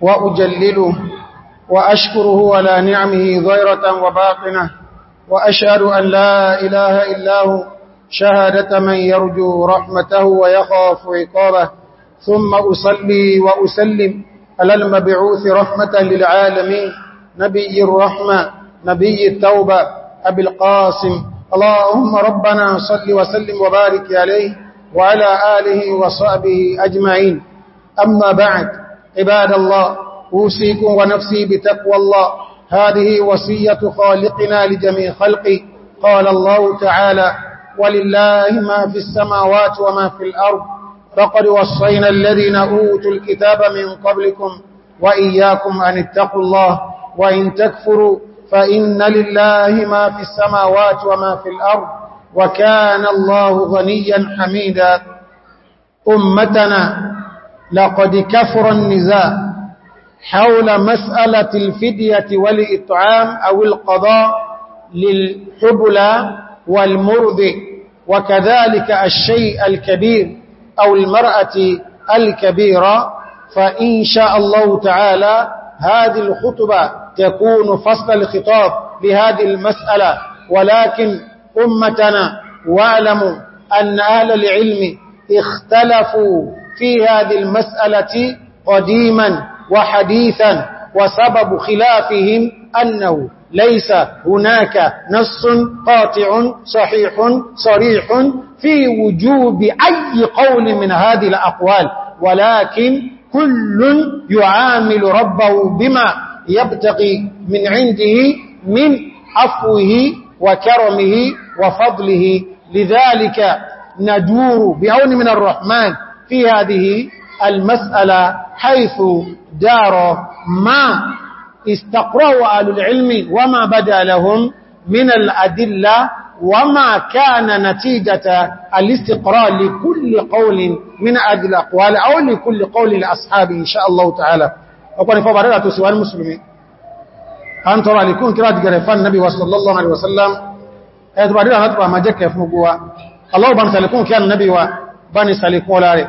وأجلله وأشكره على نعمه ظاهرة وباطنة وأشهد أن لا إله إلا هو شهادة من يرجو رحمته ويخاف عقابه ثم أصلي وأسلم على المبعوث رحمة للعالمين نبي الرحمة نبي التوبة أبي القاسم اللهم ربنا صل وسلم وبارك عليه وعلى آله وصحبه أجمعين أما بعد عباد الله أوسيكم ونفسي بتقوى الله هذه وصية خالقنا لجميع خلقه قال الله تعالى ولله ما في السماوات وما في الأرض فقد وصينا الذين أوتوا الكتاب من قبلكم وإياكم أن اتقوا الله وإن تكفروا فإن لله ما في السماوات وما في الأرض وكان الله غنيا حميدا أمتنا لقد كفر النزاع حول مسألة الفدية والإطعام أو القضاء للحبلى والمرض وكذلك الشيء الكبير أو المرأة الكبيرة فإن شاء الله تعالى هذه الخطبة تكون فصل الخطاب بهذه المسألة ولكن أمتنا واعلموا أن أهل العلم اختلفوا في هذه المسألة قديما وحديثا وسبب خلافهم أنه ليس هناك نص قاطع صحيح صريح في وجوب أي قول من هذه الأقوال ولكن كل يعامل ربه بما يبتقي من عنده من عفوه وكرمه وفضله لذلك ندور بعون من الرحمن في هذه المسألة حيث دار ما استقروا آل العلم وما بدأ لهم من الأدلة وما كان نتيجة الاستقراء لكل قول من أدل أقوال أو لكل قول الأصحاب إن شاء الله تعالى أقول فبريرة سواء المسلمين أن ترى لكون كرات جرفان النبي صلى الله عليه وسلم أتبريرة نتبع ما جك يفنقوا الله بان سالكون كان النبي وبان سالكون لاري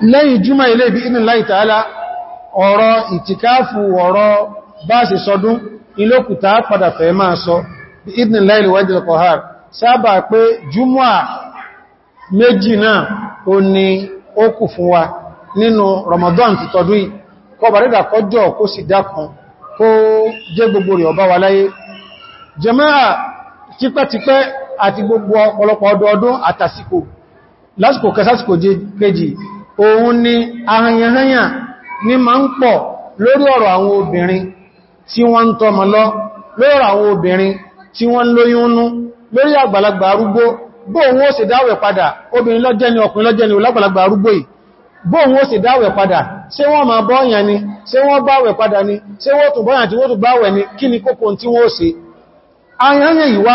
lẹ́yìn júmọ́ ilé ibi inú láì tààlá ọ̀rọ̀ ìtìkáàfù ọ̀rọ̀ bá sì sọdún ilókùtà padà fẹ́ máa sọ bí ìdìn láìlì wájìl kọ̀hár sábà pé júmọ́ méjì náà ó ní ó kù fún wa nínú Ramadan ti tọdún yìí kọ bàrídà kọjọ́ kó sì dákan kó jẹ́ gbogbo rẹ̀ ọba wa láyé jẹmáà tipẹ́tipẹ́ àti gbogbo ọ̀pọ̀lọpọ̀ ọdọọdún àtàsìkò lásìkò kẹsàsìkò kejì òun ni ahanyahanya ní ma ń pọ̀ lórí ọ̀rọ̀ àwọn obìnrin tí wọ́n ń tọ́mọ lọ lórí àwọn obìnrin tí wọ́n lóyún nú lórí àgbàlagbà arúgbó bóòun ó sì dáwẹ̀ padà obìnrin lọ́jẹ́ni ọkùnrin lọ́jẹ́ni olágbàlagbà arúgbó yìí bóòun ó sì dáwẹ̀ padà ṣé wọ́n ni ṣé wọ́n gbáwẹ̀ padà ni ṣé wọ́n tún bọ́ọ̀yàn tí wọ́n tún gbáwẹ̀ ni kí ni kókò tí wọ́n ó ṣe ayányẹ̀ ìwá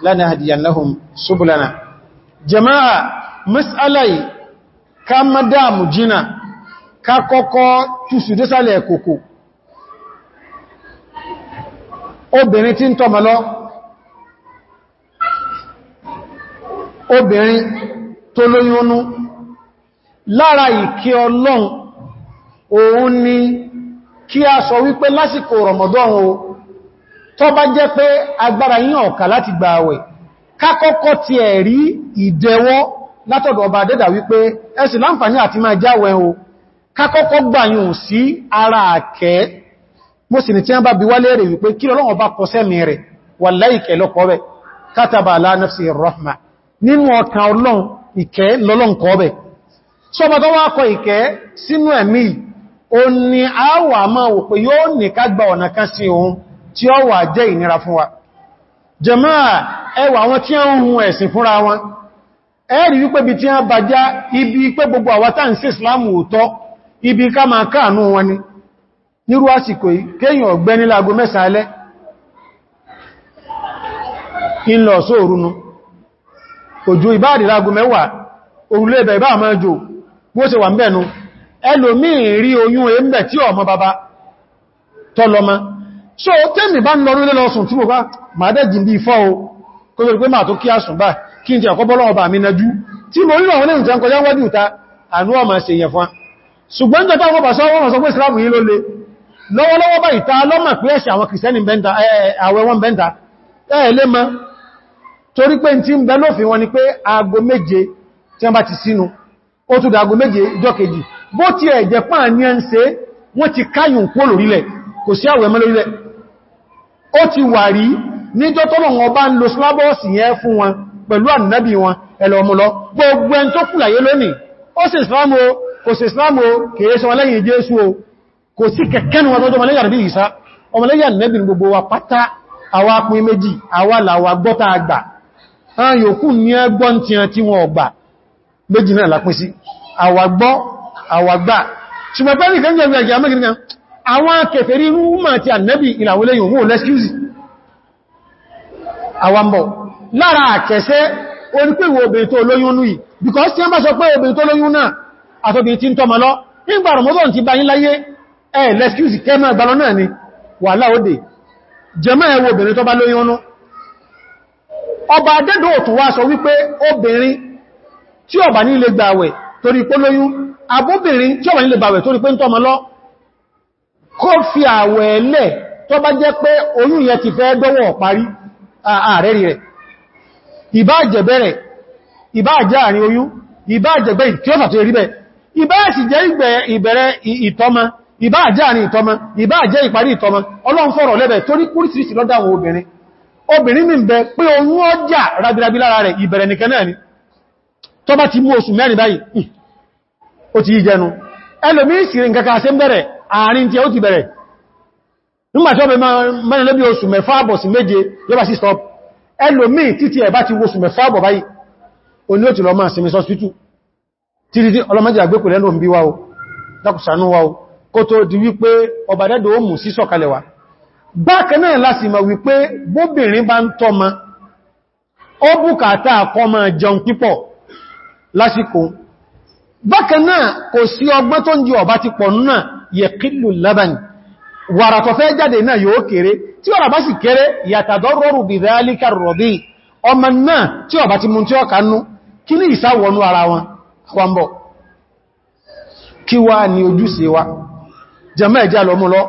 lana hadiyan lahum subulana jama'a mas'alai ka madamu jina ka kokko tusu desale koko obirin tin tomolo obirin to loyunu lara ike olohun oun ni ki a so wipe lasiko ramadan o tó bá jẹ́ pé agbára lati ọ̀kà láti gba àwẹ̀ kákọ́kọ́ ti ẹ̀rí ìdẹwọ́ látọ̀dọ̀ ọba dẹ́dà wípé ẹsì láǹfàní àti máa jáwẹ̀ o kákọ́kọ́ gbàyùn sí ara àkẹ́ mo sì ní tí wọ́n bá bi wá léèrè wípé kí Ọlọ́run ọba kọ kọ́ tí ó wà jẹ́ ìnira fún wa jàmáà ẹwà wọn tí ń hun ẹ̀sìn fúnra wọn ẹ̀rì wípé bí tí a bàjá ibi pé gbogbo àwátà ń sí islamu òtọ́ ibi ká wọn ni nírú àsìkò yìí kéèyàn ọ̀gbẹ́ni láago mẹ́sàn alẹ́ oyún ẹ̀mẹ́ tí ọmọ so tẹ́mì bá ń lọ orílẹ̀ lọ́sùn tí mo bá máa dẹ́jì bí fọ́ o kó tó rí pé máa tó kí àsùn bá kí n jẹ́ ọkọ́ bọ́lọ́ ọba mi nájú tí mo rílọ̀ wọn ní ìtàn kọjá wájú ìta àánú ọmọ ṣe yẹ fún ṣùgbọ́n jẹ́ táwọn bàṣọ́ wọn sọ pé Islam yìí ló le lọ́wọ́lọ́wọ́ bá ìta lọ́mà pé ẹ̀ṣẹ̀ àwọn kìrìsẹ́nì bẹ́ntà àwẹ̀ wọn bẹ́ntà ẹ̀ lé bó ti ẹ̀jẹ̀ pàà ní ẹ́ wọ́n ti káyùn kó lórílẹ̀ kò sí àwẹ̀ lórílẹ̀ ó ti wà rí níjọ́ tọ́lọ̀ wọn bá ń lo slábọ́ọ̀sì yẹn fún wọn pẹ̀lú ànábì wọn ẹ̀lọ́mùlọ gbogbo ẹn tó kùlàyé lónìí ó sì islamu kò sí islamu kìí sọ lẹ́yìn jésù o kò sí kẹ̀kẹ́ ni wọ́n tó mọ́lẹ́yà rẹ̀ bí ìsá ọmọlẹ́yà nẹ́bìn gbogbo wa pátá àwa pin méjì àwa làwà gbọ́ta àgbà àwọn yòókù àwọn kèfèrí rúmà àti ànẹ́bì ìlàwọlé yìí wọ́n lẹ́skúsì àwambọ̀ lára àkẹsẹ́ onípèwò obìnrin tó lóyún nú yìí because tí wọ́n bá sọ pé obìnrin tó lóyún náà àtọ́bìn tí ń tọ́mọ lọ nígbà Ramadan ti bá yín láyé ẹ̀ lẹ́skúsì kẹ́mọ̀ kó fi àwẹ̀ ẹ̀lẹ̀ tó bá jẹ́ pé oyún yẹn ti fẹ́ dọ́wọ́ parí ààrẹ rẹ̀ ìbáàjẹ̀ bẹ̀rẹ̀ ìbáàjẹ̀ àrin oyún ìbáàjẹ̀ gbẹ̀ tí ó sàtò rí bẹ̀ ìbáàsì jẹ́ ìbẹ̀rẹ̀ ìtọ́mọ ìbáàjẹ̀ àrin ìtọ́mọ ìbáàjẹ̀ ìparí ìtọ́mọ ọlọ́run fọ̀rọ̀ lẹ́bẹ̀ tó ní kúrísìírísìí lọ́dá àwọn obìnrin obìnrin mi bẹ pé oyún ọjà rabirabi lára rẹ̀ ìbẹ̀rẹ̀ nìkan náà ni tó bá ti mú oṣù mẹ́rin báyìí ó ti yí ẹlòmí ìsìnrìn kankan se ń bẹ̀rẹ̀ àárín tí ó ti bẹ̀rẹ̀ nígbàtí ọbẹ̀ mẹ́rin lóbi oṣù mẹ́fà àbọ̀ sí méje yọba sí stop ẹlòmí títí ẹ̀bá ti oṣù mẹ́fà àbọ̀ báyìí o ní ó ti lọ máa sinmi sọ́spítù títí tí ọlọ́mọdé àgbékò lẹ́nu bí wá o dákùsànú wá o kó tó di wípé ọba dẹ́dọ̀ ó mú sí sọ̀kalẹ̀ wa bákan náà láti mọ̀ wípé bákan náà kò sí ọgbọ́n tó ń di ọ̀bá ti pọ̀ náà yẹ kílù lábàní wàrà tó fẹ́ jáde náà yóò kéré tí wàrà bá sì kéré yàtàdọ́rọ̀rù bí dáálíkà rọ̀bí ọmọ náà tí ọ̀bá ti mú tí ọ kanú kí ní ìsáwọnú ara wọn àwọ̀mbọ̀ kí wá ní ojúṣe wa jẹmọ́ ẹ̀já lọ mú lọ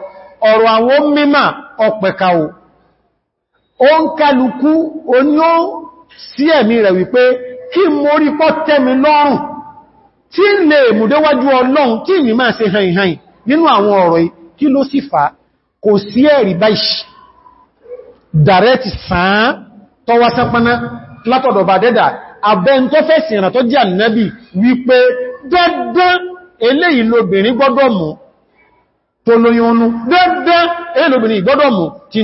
ọ̀rọ̀ àwọn mímà ọ̀pẹ̀kàwò ó ń kálukú oní ó sí ẹ̀mí rẹ̀ wípé kí mórí pọ́ tẹ́mi lọ́rùn tí ń lè mùdéwájú ọlọ́run tí ìmì máa ṣe hàn ìhàn nínú àwọn ọ̀rọ̀ kí ló sì fà kò sí ẹ̀rí báyìí dàrẹ́tì sàn tọwa sápaná látọ̀dọ̀ bà dẹ́dà abẹ́n tó fẹ́ sí ìrìnà tó jẹ́ ànábì wípé dandan eléyìí lóbìnrin gbọ́dọ̀ mú tó lóyúnú dandan eléyìí lóbìnrin gbọ́dọ̀ mú tí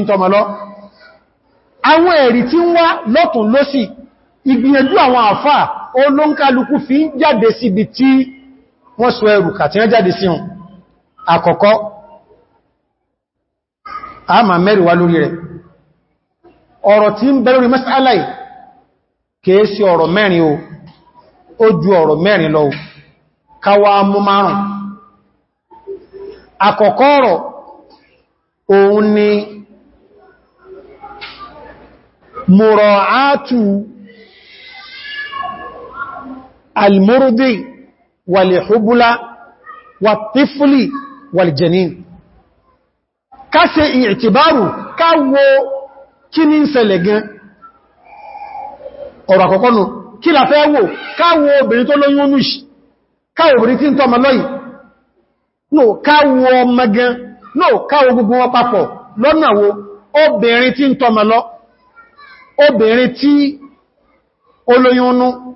àwọn ẹ̀rí tí ń wá lọ́tún lọ́sì ìgbìyànjú àwọn àfáà olóńkálukú fi ń jáde síbi tí wọ́n sọ ẹrù kàtí wọ́n jáde sí hùn àkọ́kọ́ a ma mẹ́rin wá lórí rẹ̀ ọ̀rọ̀ tí ń bẹ lórí mas'ala sí ọ̀rọ̀ mẹ́rin o ó ju ọ̀rọ̀ mẹ́rin lọ káwà mú márùn àkọ́kọ́ ọ̀rọ̀ òun ni mùrọ̀ áàtù al-murdi wal-hubula wat-tifli wal-janin ka se i'tibaru kini sele gan ora kokonu ki la fe wo ka wo obirin to lo yun nush ka obirin tin yi ma loyi no ka wo magan no ka gbogbo gugun wa papo wo obirin tin to ma lo obirin ti oloyunu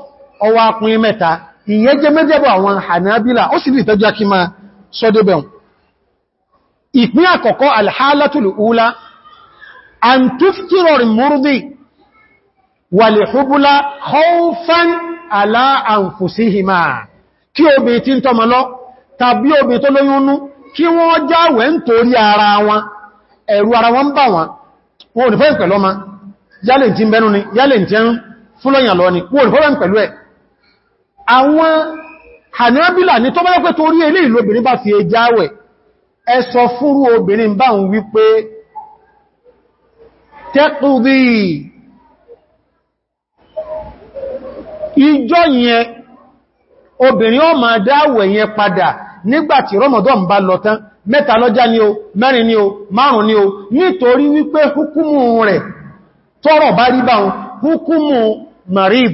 ọwá pín mẹ́ta ìyẹn jẹ́ mẹ́jẹ̀bọ̀ àwọn Hanabila ó sì rí ìtọ́jú akí ma sọ́débẹ̀un ìpín àkọ́kọ́ alhálátùlù ula an tufkiro murdi walihubula khawfan ala anfusihima kí obì tí ń tọ́mọ lọ bẹnu ni yálẹ̀ tí ń fúnlọ́yàn lọ ni wọn ò ní pẹ̀lú ẹ̀ àwọn hanabila ni tó bá pẹ́ torí ilé ìlòbìnrin bá fi ẹjáwẹ̀ ẹ sọ fúrú obìnrin bá ń wípé tẹ́kùdí ìjọ yẹn obìnrin ó dáwẹ̀ yẹn padà nígbàtí Ramadan bá lọ tán mẹ́ta lọ́já o mẹ́rin hukumu rẹ̀ tọ́rọ̀ bá rí hukumu marib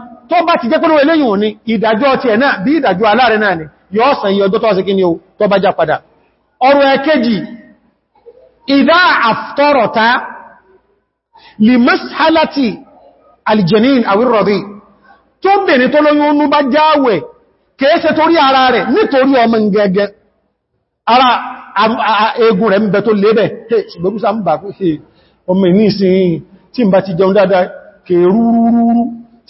tó bá ti jẹ́ pẹ́lú eléyìn òní ti ẹ̀ náà bí aláàrẹ náà ni yóò sàn yí ọjọ́ tó ọsẹ o tó bá já padà ọ̀rọ̀ ẹ̀kejì ìdá àftọ́rọ̀ta lè mọ́sálàtì alìjẹ̀nín àwírọ̀bí tó bèèrè tó lóyún oúnú bá jáwẹ̀ kèése torí ara rẹ̀ nítorí ọmọ gẹ́gẹ́ ara egun rẹ̀ ń bẹ tó lébẹ̀ ṣùgbọ́n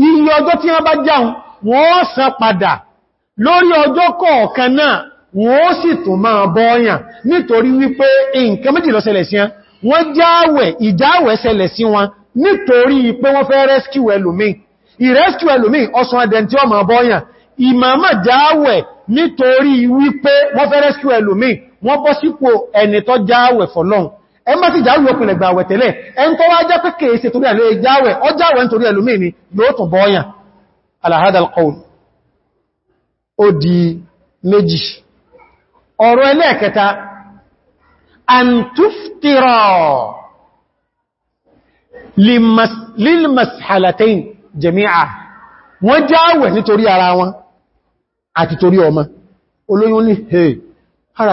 iye ọjọ́ tí wọ́n bá jáun wọ́n san padà lórí ọjọ́ kọ̀ọ̀kan náà wọ́n sì tún máa bọ́ọ̀yàn nítorí wípé nǹkan méjì ló ṣẹlẹ̀ sí wọn jáwẹ̀ ìjáwẹ̀ ṣẹlẹ̀ sí wọn nítorí pé wọ́n fẹ́ rescue ẹlòmí ìrescue ẹlòmí ọsàn ẹ̀dẹ̀n tí ó máa bọ́ọ̀yàn ìmàmà jáwẹ̀ nítorí wípé wọ́n fẹ́ rescue ẹlòmí wọ́n bọ́ sípò ẹni tó jáwẹ̀ fọ́lọ́hun ẹ má ti jáwé ọkùnrin ẹgbà àwẹ̀ tẹ́lẹ̀ ẹ ń tọ́wọ́ ajá pé kèèsè torí àlẹ́ ìjáwẹ̀ ọjáwẹ̀ nítorí ẹlòmí ni yóò tún bọ́ọ̀yàn alahadal qawl ó di méjì ọ̀rọ̀ ẹlẹ́ẹ̀kẹta antuftira lilmashalatayn jami'a wọ́n jáwẹ̀ nítorí ara wọn àti torí ọmọ olóyún ní hey ara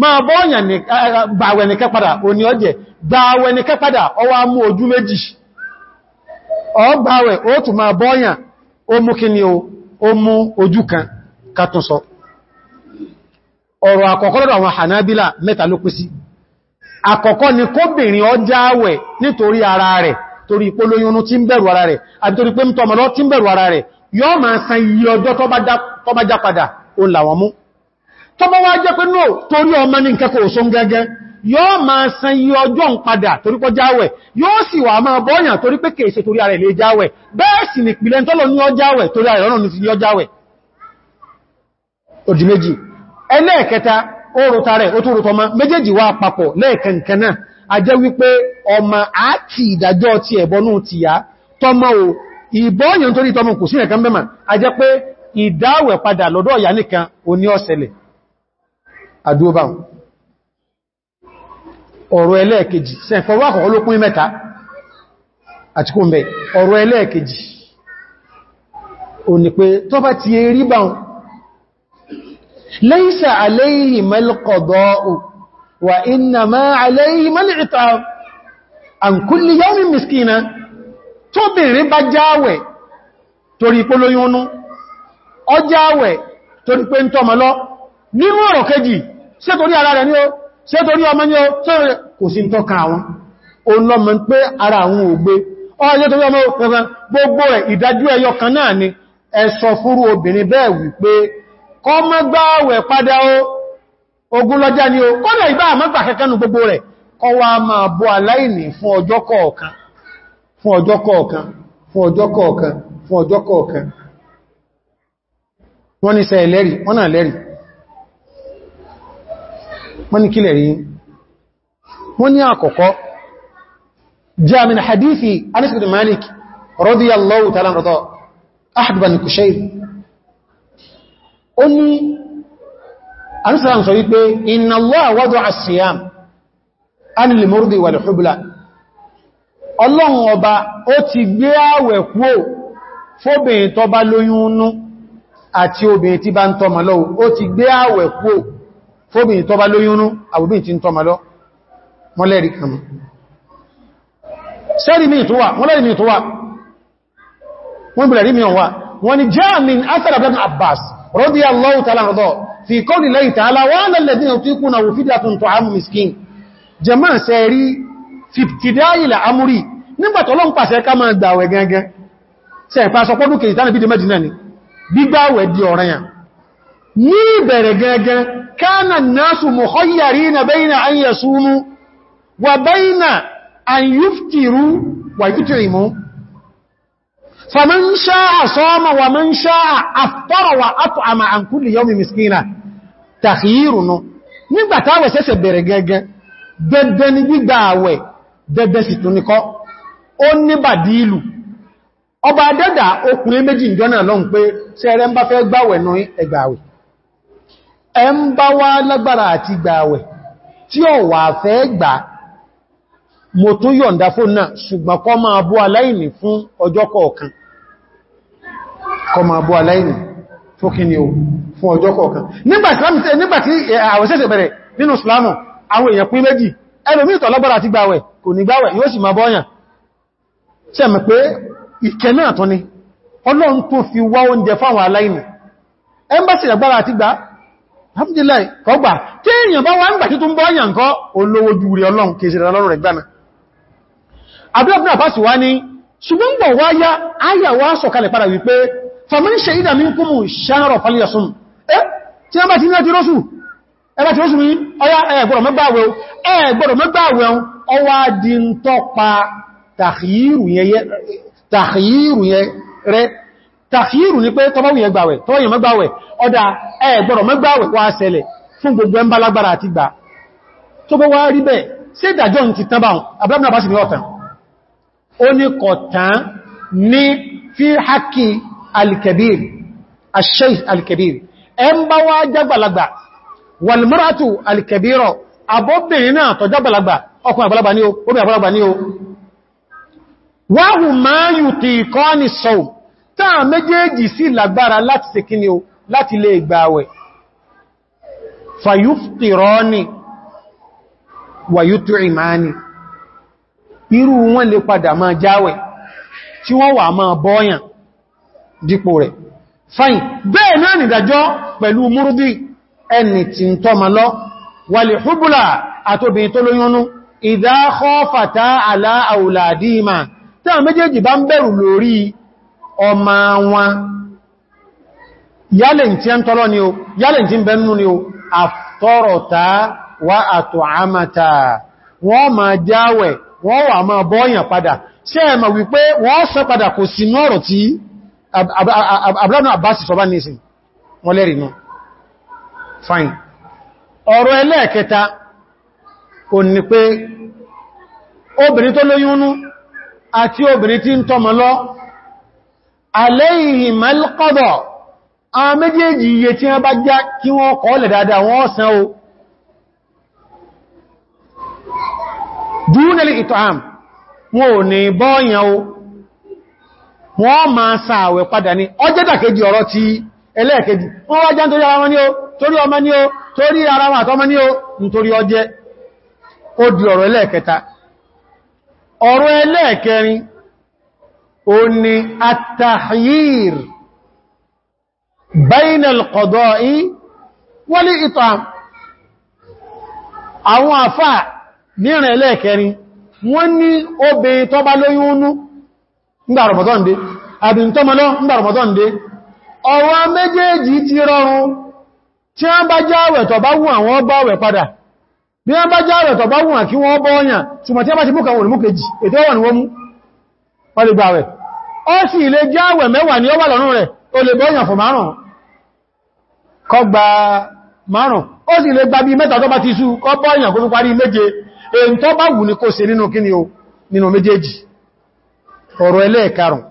máa bọ́ọ̀yàn gbàwẹ̀ nìkẹ́ padà òní ọjẹ́ gbàwẹ̀ nìkẹ́ padà ọwá mú ojú méjì ọgbàwẹ̀ ó tún máa bọ́ọ̀yàn bọọ mú kí ni o mú ojú kan kàtúnsọ ọ̀rọ̀ àkọ́kọ́ lọ́dọ̀ àwọn Hanabila mẹ́ta ló pín sí àkọ́kọ́ ni kóbìnrin ọjáwẹ̀ nítorí ara rẹ̀ torí tí ń bẹ̀rù ara rẹ̀ àbí torí pé ń tí ń ara rẹ̀ yọ́ san iye ọjọ́ padà ó làwọn tọ́bọ́ wá jẹ́ pé no torí ọmọ ní nǹkan kò sún gẹ́gẹ́ yóò máa san iye ọjọ́ ń padà torí kò jáwẹ̀ yóò sì wà máa bọ́yàn torí pé kèèṣe torí ààrẹ lè jáwẹ̀ bẹ́ẹ̀ sì ni pìlẹ̀ tọ́lọ ní ọjáwẹ̀ torí ààrẹ ọ̀nà ní ọjáwẹ̀ a ìdáwẹ̀ padà lọ́dọ̀ ìyá nìkan àdúbà ọ̀rọ̀ ẹlẹ́ẹ̀kejì sẹ́ fọwọ́ àkọ́kọ́ ló pín mẹ́ta àti kó mẹ́ ọ̀rọ̀ ẹlẹ́ẹ̀kejì ó ní pé tó bá ti rí bá wọn laysa alayhim al-qada'u wa innama alayhim al-i'tab an ṣé torí ara rẹ̀ ní o ṣé torí ọmọ ní o ṣé kò sí tọ́ka àwọn olọ́mọ pé ara àwọn ògbé ọjọ́ torí ọmọ ọ̀pẹ̀fẹ́ gbogbo rẹ̀ ìdájú ẹyọ kan náà ni ẹ̀sọ fúrú obìnrin bẹ́ẹ̀ wípé kọ́ mọ́ o ogun ni o kọ́nà ìbá àmọ́gbà gbogbo wa wọ́n ní kílẹ̀ rí wọ́n ní àkọ́kọ́ jẹ́ min hadithi Anas bin Malik radiyallahu ta'ala rọ̀tọ̀ ahadban Kushayr ó ní anúsàrán sọ wípé inna Allah wada'a as-siyam anil murdi wal hubla ọlọ́run ọba ó ti gbé àwẹ̀ kúò fóbi ìtọ́ bá lóyúnú àwòbí ti ń tọ́ malọ́ mọ́lẹ́rì kan sẹ́rì mi ìtúwà mọ́lẹ́rì mi ìtúwà wọ́n bèèrè mi ọ̀wà wọ́n ni jẹ́ min asara bin abbas radiyallahu ta'ala anhu fi qawli Allahi ta'ala wa 'ala alladhina yutiqunahu fidyatun ta'amu miskin jẹ́mọ́ sẹ́rí fìtìdáyìlà amúrí nígbàtọ̀ ní ìbẹ̀rẹ̀ gẹ́gẹ́ kánà náàsù mọ̀kọ́yàrí na bẹ́yìnà an yà súnmú wà bẹ́yìnà an yúftìrú wà yútìrìmú fàmán ṣáà sọ́mà wà mán ṣáà àfọ́rọ̀ wà ápù àmà an kulli yawmi miskina tàhírùnú nígbàtàwẹ̀ sẹ́sẹ̀ bẹ̀rẹ̀ gẹ́gẹ́ dẹ́dẹ́ ni gbígbà àwẹ̀ dẹ́dẹ́ sì tún nikọ́ ó ọba adẹ́dà okùnrin méjì ìjọ náà pé sẹ́rẹ́ ń bá fẹ́ gbàwẹ̀ náà ẹgbàwẹ̀ ẹ ń bá wá lágbára àti gbààwẹ̀ tí ó wà fẹ́ gbà mo tún yọ̀ǹda fún náà ṣùgbọ́n kó máa bú aláìní fún ọjọ́ kọ̀ọ̀kan kó máa bú aláìní fún ni o fún ọjọ́ kọ̀ọ̀kan nígbàtí àwẹ̀ bẹ̀rẹ̀ nínú islamu àwọn èèyàn pín méjì ẹlòmí tó lágbára àti gbààwẹ̀ kò ní gbààwẹ̀ yóò sì máa bọ́yàn ṣe mẹ́ pé ìkẹ́ náà tó ni ọlọ́run tó alhamdulillah kọgbà tí èyàn bá wá ń gbà tí tó ń bọ́ yàn kọ́ olówó júrí ọlọ́run kèsì ìrànlọ́rọ̀ rẹ̀ gbána abúrúkú náà fásitì wá ní ṣùgbọ́n gbọ̀ wá yá ayà wá sọ̀kalẹ̀ padà wípé faman shahida minkumu shahra falyasum ẹ́ tí wọ́n tàfíìrù ní pé tọ́báwì ẹgbàwẹ̀ tọ́wọ́yìn mẹ́gbàwẹ̀ ọdá ẹgbọ̀rọ̀ mẹ́gbàwẹ̀ wá ṣẹlẹ̀ fún gbogbo ẹmbá lágbára àti gbà tó bó wá rí bẹ́ẹ̀ sí ìdàjọ́ ti tán báhùn abúlábùnà bá sì ní ọ̀tàn máa yùtì kọ́ ní sọ́ọ̀ táà méjèèjì sí lágbára láti ṣe kíni o láti lè gbààwẹ̀ fàyúftìrọ́ni wàyútù ìmáni irú wọn lè padà máa jáwẹ̀ tí wọ́n wà máa bọ́yàn dípò rẹ̀ fàyí bẹ́ẹ̀ náà nìdájọ́ pẹ̀lú múrúbí ẹni tí ń tọ́mà lọ wà lè húbùlà tó lóyúnú ìdáhọ́ fàtà àlá àwùlàdíìmà táà méjèèjì bá ń bẹ̀rù lórí ọmọ wọn yálẹ̀ tí ń tọ́lọ́ ni o yálẹ̀ tí ń bẹnú ni o àtọ́rọ̀ta wá àtọ̀ àmàta wọ́n ma jáwẹ̀ wọ́n wà máa bọ́yàn padà wípé wọ́n sọ padà kò sí tí bá obìnrin tó àti obìnrin tí ń tọ́mọ aléìhìm alkọ́dọ̀ àwọn méjèèjì iye tí wọ́n bá já kí wọ́n kọ́ lẹ̀ dáadáa wọ́n san o dúnlẹ̀ ìtọ́hàm wọn ò ní bọ́ọ̀yàn o wọ́n máa sàwẹ̀ padà ní ọjẹ́dàkejì ọ̀rọ̀ ti ẹlẹ́ẹ̀kejì wọ́n wọn o ó ní àtàhír bainal qada'i wal it'am àwọn àfà nírin ẹlẹ́ẹ̀kẹrin wọ́n ní obè tó bá lóyún oónú ńgbà Ramadan dé àbí tọ́mọlọ́ ńgbà Ramadan dé ọwọ́ méjèèjì ti rọrùn tí wọ́n bá jáwẹ̀ bá wùn àwọn padà bí wọ́n bá jáwẹ̀ bá wùn tí wọ́n bá ti mú kàwọn olùmúkèjì ètò ni wọ́n mú ó sì ilé jáwẹ̀ mẹ́wàá ni ó wà lọ́rùn rẹ̀ o lè bọ́yàn fún márùn-ún kọ márùn-ún ó sì ilé gba mẹ́ta tó bá ti sú parí méje èyí tọ́ bá wù ní kó ṣe nínú kíni o nínú méjèèjì ọ̀rọ̀ ẹlẹ́ẹ̀karùn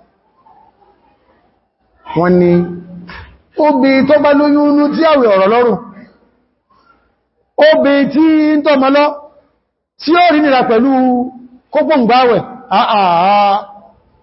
ni obi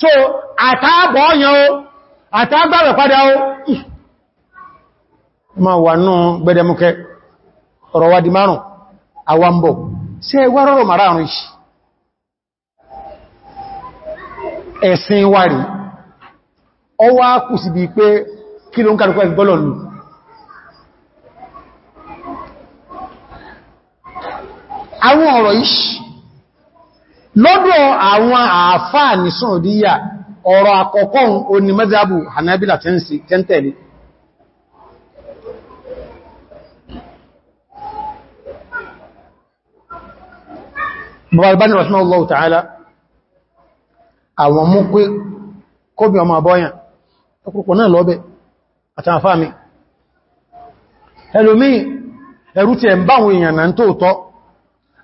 so àtàbọ̀ ọ̀yàn o àtàgbàrẹ̀ padà o ma wà náà gbẹdẹmúkẹ ọ̀rọ̀ wa di márùn àwambọ̀ sí ẹwà rọrọ̀ márùn ìṣì ẹ̀sìn wà rí ọwá kù sí bí pé kí ló ń kàrùkọ́ ìgbọ́lọ̀ lù àwọn ọ̀rọ̀ ìṣì lọ́dọ̀ àwọn àfáà ní Saudiya ọ̀rọ̀ àkọ́kọ́ òní mẹ́zàbù Hanabila tẹ́ntẹ̀lẹ̀ bọ̀bálbáni rọ̀sánà Allah ta'ala àwọn mú pé kóbi ọmọ àbọ́yàn ọkùnkùn náà lọ́bẹ̀ àtàfà mi ẹlòmí ẹ̀rù ti ẹ̀ ń báwọn èèyàn náà tóòtọ́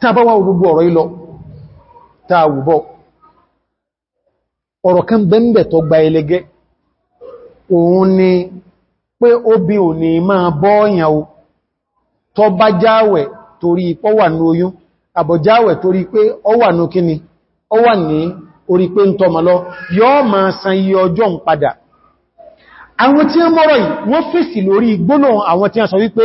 tàbáwà gbogbo ọ̀rọ̀ ilọ̀ tààwùbọ̀ ọ̀rọ̀ kan bẹ́m̀bẹ̀ tó gba ẹlẹ́gẹ́ òun ni pé obi ò ní máa bọ́ọ̀yàn o tó bá jáwẹ̀ torí pọ́ wà ní oyún àbọ̀jáwẹ̀ torí pé ọ wà ní kíni ọ wà ní orí pé ń san iye ọjọ́ ń padà àwọn tí ó mọ́rọ̀ yìí wọ́n fèsì lórí àwọn tí a sọ wípé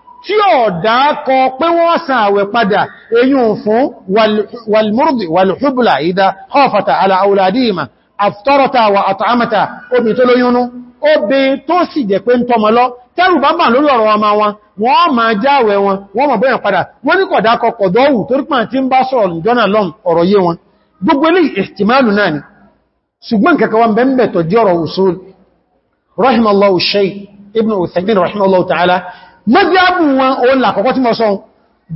tí ó dákọ pé wọ́n san àwẹ̀ padà eyín fún walmurdi walhubla ìdá khafata ala auladihima aftarata wa at'amata obi tó lóyúnú obi tó sì jẹ́ pé ń tọmọ lọ tẹ́rù bá bà lórí ọ̀rọ̀ ọmọ wọn wọ́n ma jáwẹ̀ wọn wọ́n mọ̀ bẹ́yàn padà wọ́n ní kọ̀dákọ kọ̀dọ́wù torípàá tí ń bá sọ̀rọ̀ ìjọ́nà lọ́m ọ̀rọ̀ yé wọn gbogbo ilé ìhtìmálù náà ni ṣùgbọ́n kẹkẹ wọn bẹ̀ ń bẹ̀ tọ̀jọ́rọ̀ usul rahimallahu shaykh ibn Uthaymin rahimallahu ta'ala mọ́díábù wọn o là kọ̀kọ́ tí mọ́ sọ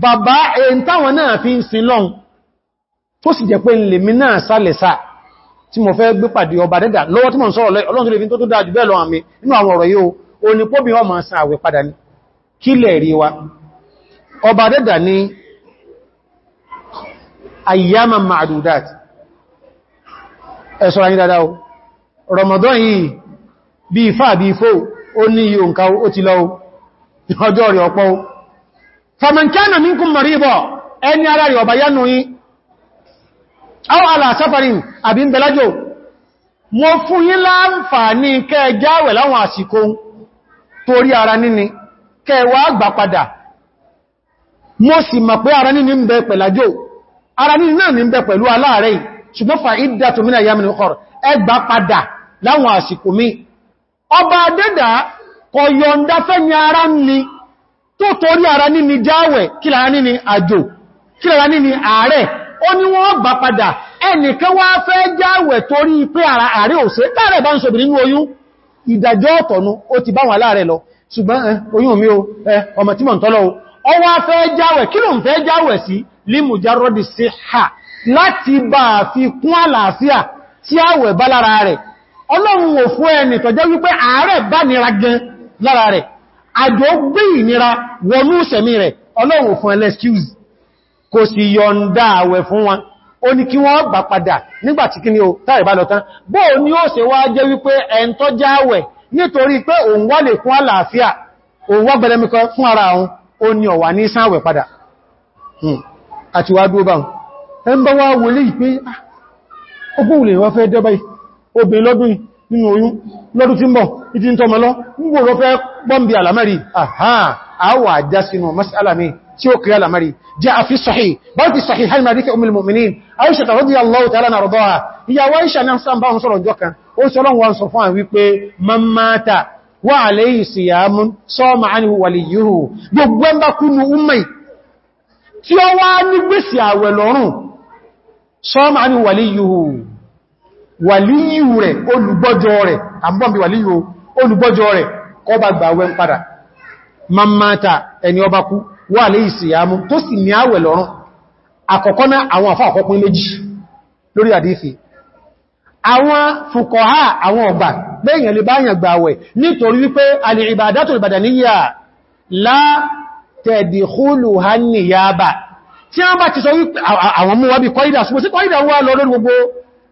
bàbá èyí táwọn náà fi ń sin lọ́n tó sì jẹ́ pé lè mi náà sálẹ̀sá tí mo fẹ́ gbé pàdé ọba dẹ́dà lọ́wọ́ tí mọ́ sọ́rọ̀ ọlọ́run wa ọba dẹ́dà ní ayyama ma'adudat ẹ̀sọ́ra yí dáadáa o Ramadan yìí bí ifá bí ifó ó ní yíò nǹkan ó ti lọ́wọ́ ọjọ́ rẹ̀ ọ̀pọ̀ fọmọ̀kánà minkum maríbọ̀ ẹni ara rẹ̀ ọba yánu yí awọ́ alàsáfarin àbí ń fún yí láwọn àsìkò torí ara níní kẹwà àgbà padà mo sì mọ̀ ara níní ń bẹ ara níní náà ní ń bẹ kọ̀yọ̀ǹda fẹ́ ni ara ń ni tó torí ara ní ni jáwẹ̀ kí lára ní ni àjò kí lára ní ni ààrẹ ó ní wọ́n bà padà ẹnìkan wá fẹ́ jáwẹ̀ torí pé ara ààrẹ ò sí láàrẹ bá ń sọ nínú oyún ìdàjọ́ ọ̀tọ̀nu ó ti bá wọn láàrẹ lọ ṣùgbọ́n oyún mi o ọmọ tí mọ̀ ń tọ́lọ ó wá fẹ́ jáwẹ̀ kí ló ń fẹ́ jáwẹ̀ sí ọlọ́run ò fún ẹni tọ́jẹ́ wípé ààrẹ bá nira gan lára rẹ̀ àjò gbé ìnira wọnú ìsẹ̀mí rẹ̀ ọlọ́run fún ẹlẹ́skúsì kò sì yọ̀ǹda àwẹ̀ fún wọn ó ní kí wọ́n gbà padà nígbàtí kí ni ó tààrí bá lọ́tán bó o ní ó ṣe wá jẹ́ wípé ẹn tó jáwẹ̀ nítorí pé òun wá lè fún àlàáfíà òun wá gbẹ̀lẹ́mìkan fún ara òun ó ní ọ̀wà ní sáwẹ̀ padà àti hmm. wá dúó báhùn ẹn bá wá wọlé ìpé ah, ogún lè wọ́n fẹ́ dẹ́bàí obìnrin lọ́dún yìí nínú oyún lọ́dún tí ń bọ̀ ìdí ń tọ́mọ lọ nígbò lọ fẹ́ bọ́m̀bí alamari àhá àwọ̀ àjá sínú masalami tí ó kìí alamari jẹ́ àfi sahih bal fi sahih hal marika umil mu'minin aisha ta radiyallahu ta'ala na rọ̀dọ́ha ìyàwó aisha ní sàn bá ń sọ̀rọ̀ jọ kan ó sọ́rọ̀ wọn sọ fún àwí pé man mata wa alayhi wàlíyù rẹ̀ olùgbọ́jọ rẹ̀ àbọ́m̀bí wàlíyù olùgbọ́jọ rẹ̀ kọba gbàwẹ́ ń padà mamata ẹni ọba kú wà lè ìsìyàmú tó sì ní àwẹ̀ lọ́rún àkọ́kọ́ náà àwọn àfá àkọ́kún méjì lórí àdífì àwọn fùkọ̀há la tadkhuluha an-niyaba tí wọ́n bá ti sọ wípé àwọn mú wábí kọ́ ìdà ṣùgbọ́n sí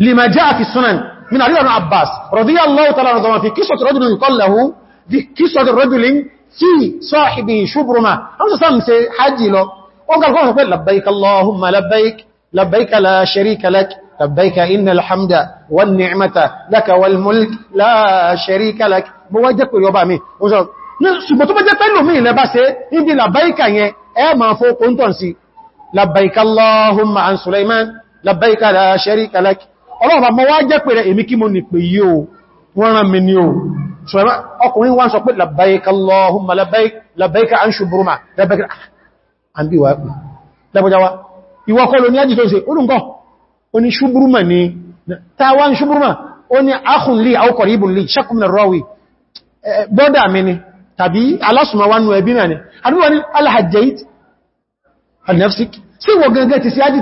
لما جاء في السنن من علي بن عباس رضي الله تعالى عنه في قصة رجل يقال له في قصة الرجل في صاحبه شبرمة أمسا سامسة حاجي له وقال قوله فقال لبيك اللهم لبيك لبيك لا شريك لك لبيك إن الحمد والنعمة لك والملك لا شريك لك مواجهك اليوبا مين وقال tó bá jẹ́ pẹ́lú mi ilẹ̀ bá ṣe اي ما فوق ẹ ma fó kóntọ̀ sí làbáìkà Allahumma an Sulaiman làbáìkà ọlọ́run bá mọ́ wá jẹ́ pẹ̀rẹ̀ èmi kí mo nìpe yí o wọ́n rán mi ní o ọkùnrin wá ń sọ pé labbaika Allahumma labbaika an shuburuma labbaika an bí wà pẹ̀ lábọ́jáwá ìwọ kọ́ ló ní ájì tó ń ṣe olùnkọ́ o ní shuburuma ni tàwà ń shuburuma o ní akhun li aw qaribun li shakum na rawi bọ́dà nafsik sí wọ gangan ti sí ájì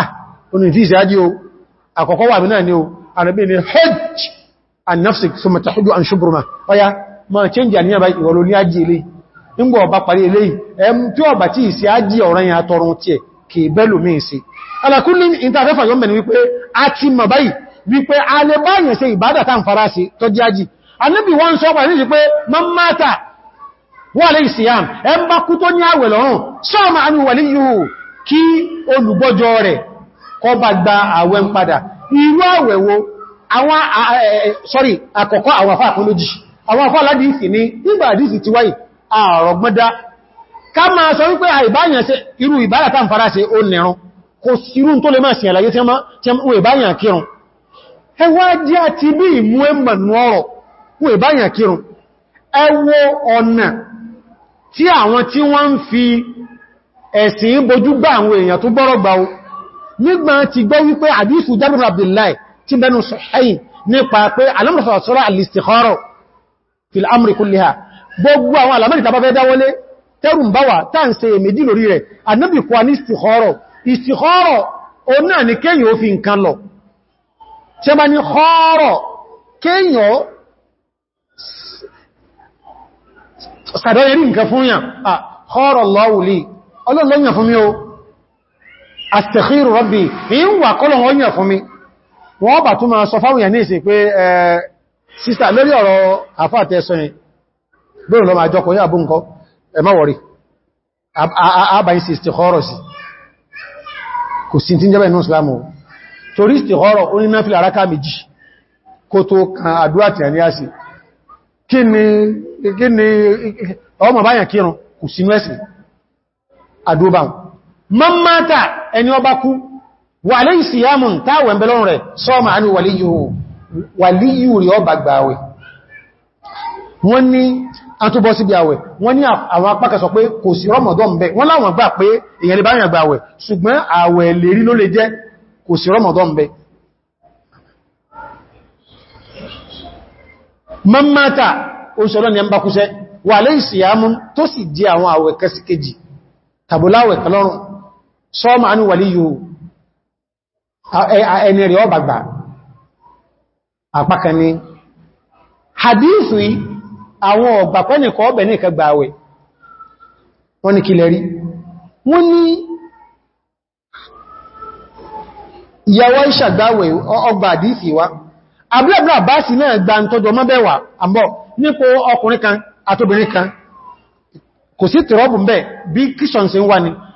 ah oní tí sí o àkọ́kọ́ wà náà ni o àrẹ́bí ni hajj an nafsik thumma tahujju an shubruma ọya ma change àníyàn bá ìwọ̀lò ní ájí ilé nígbà ọba parí ilé ẹm tí ó bá tí ìsí ájí ọ̀rọ̀ yẹn atọrun tí ẹ kì í bẹ́lù mí sí alákúnlé ìntàfẹ́fà yọ́ mẹ́ni wípé a ti mọ̀ báyìí wípé a lè báyàn ṣe ìbádà tán fara sí tó jẹ́ kọ́ bá gba àwẹ̀ ń padà irú àwẹ̀ àwọn sorry àkọ́kọ́ àwọn afá àpọlójì àwọn afá aládìísì ní nígbà àdìísì ti wáyì àrọ̀gbọ́dá ká máa sọ wípé àìbáyàn ṣe irú ìbáyà tán fara ṣe ó nẹ̀rún kò sírú tó lè máa sìyànláyé tí wọ́n ìbáyàn kírun ẹwà dí àti bí ìmú ẹmọ̀nù ọ̀rọ̀ wọ́n ìbáyàn kírun ẹwọ ọ̀nà tí àwọn tí wọ́n ń fi ẹ̀sìn bojú gbà àwọn èèyàn tó gbọ́rọ̀ gbà nígbà ti gbọ́ wípé àdísù jábìrì abdullahi ti bẹnu sọ̀hẹ́yìn nípa pé alámọ̀sọ̀sọ́rọ̀ alistikharo fil amri kulliha gbogbo àwọn alamẹ́rì tàbá fẹ́ dáwọlé tẹ́rùn bá wà tàà ń ṣe èmèdí lórí rẹ̀ annabi kwa ní istikharo istikharo o náà ni kéyàn ó fi nǹkan lọ tí a bá fún yàn kharo Allahu li ọlọ́lọ́yàn fún mi o astakhiru rabbi in wà kọ́lọ̀ wọ́n yàn fún mi wọ́n bà tún máa sọ fáwọn yà ní ìsìn pé sísà lórí ọ̀rọ̀ àfáàtẹ́sọ́yìn bóòrùn lọ máa jọ kòyìn àbúnkọ́ ẹmọ́ wọ̀rí àbáyí sí istikhara sí kò sí tí ń jẹ́bẹ̀ inú islamu mọ́mátà ẹni ọba kú wà lè síyàmùn táwẹ̀ ẹ̀bẹ̀lọ́rùn rẹ̀ sọ́ọ̀mà ní wàlíyù rí ọba gbàwẹ̀ wọ́n ní àtúbọ̀ síbi àwẹ̀ wọ́n ní àwọn apákà sọ pé kò sí rọmọdọ́n bẹ́ wọ́n láwọn gbà pé èyàn lè bá yàn gbàwẹ̀ ṣùgbọ́n àwẹ̀ sọ́ọ̀mà ní wàlíyù ẹni e, rí ọgbàgbà àpákan ni hadithu àwọn ọgbà pẹ́nìkọ́ ọbẹ̀ ní ìkẹgbà àwẹ̀ wọ́n ní kílẹ̀ rí wọ́n ni ìyàwó ìṣàgbàwẹ̀ ọgbà wa abúlẹ̀bùlà bá sí náà gba tọ́jọ mọ́bẹ̀wà àmọ́ nípo ọkùnrin kan àtobìnrin kan kò sí tìrọ́bù bi bí kíṣọ̀nsí wà ni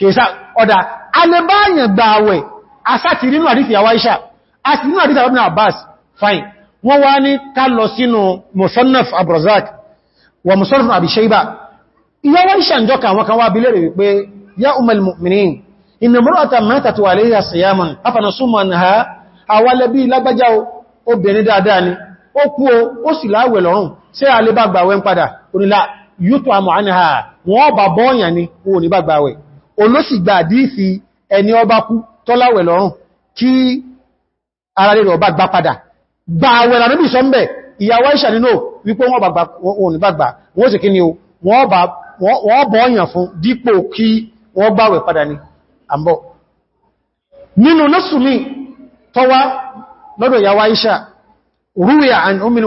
kèsà ọ̀dá alẹ́báyàn gba àwẹ̀ asáti nínú àdífì àwáíṣà àti nínú àdífì àwọn Abbas fine wọ́n wá ní kálọ sínú musannaf abrazak wa musannaf abishaiba ìyáwáíṣà njọ́ka àwọn kan wá bilẹ̀ rẹ̀ wípé ya ummul mu'minin inna mar'ata matat wa alayha siyamun afana summa anha awalabi lágbájá obìnrin dáadáa ni ó kú ó sì láwẹ̀ lọ́rùn sí alẹ́bàgbàwẹ́ ń padà onílà yútu àmọ̀ àníhà wọ́n ni wọ́n ní olóṣìgbà àdíìsì ẹni ọba kú tọ́láwẹ̀ lọ́rùn kí ara lè rọ̀ bá gbá padà gbà àwẹ̀ lànàbì sọ́mbẹ̀ ìyàwó ìṣà nínú wípé wọ́n bàgbà òní bàgbà wọ́n sì kí ni wọ́n bọ̀ ọ̀yàn fún dípò kí wọ́n gbàwẹ̀ padà ni àmbọ̀ nínú násùmí tọ́wá lọ́dọ̀ ìyàwó ìṣà rúwẹ̀ àn ummil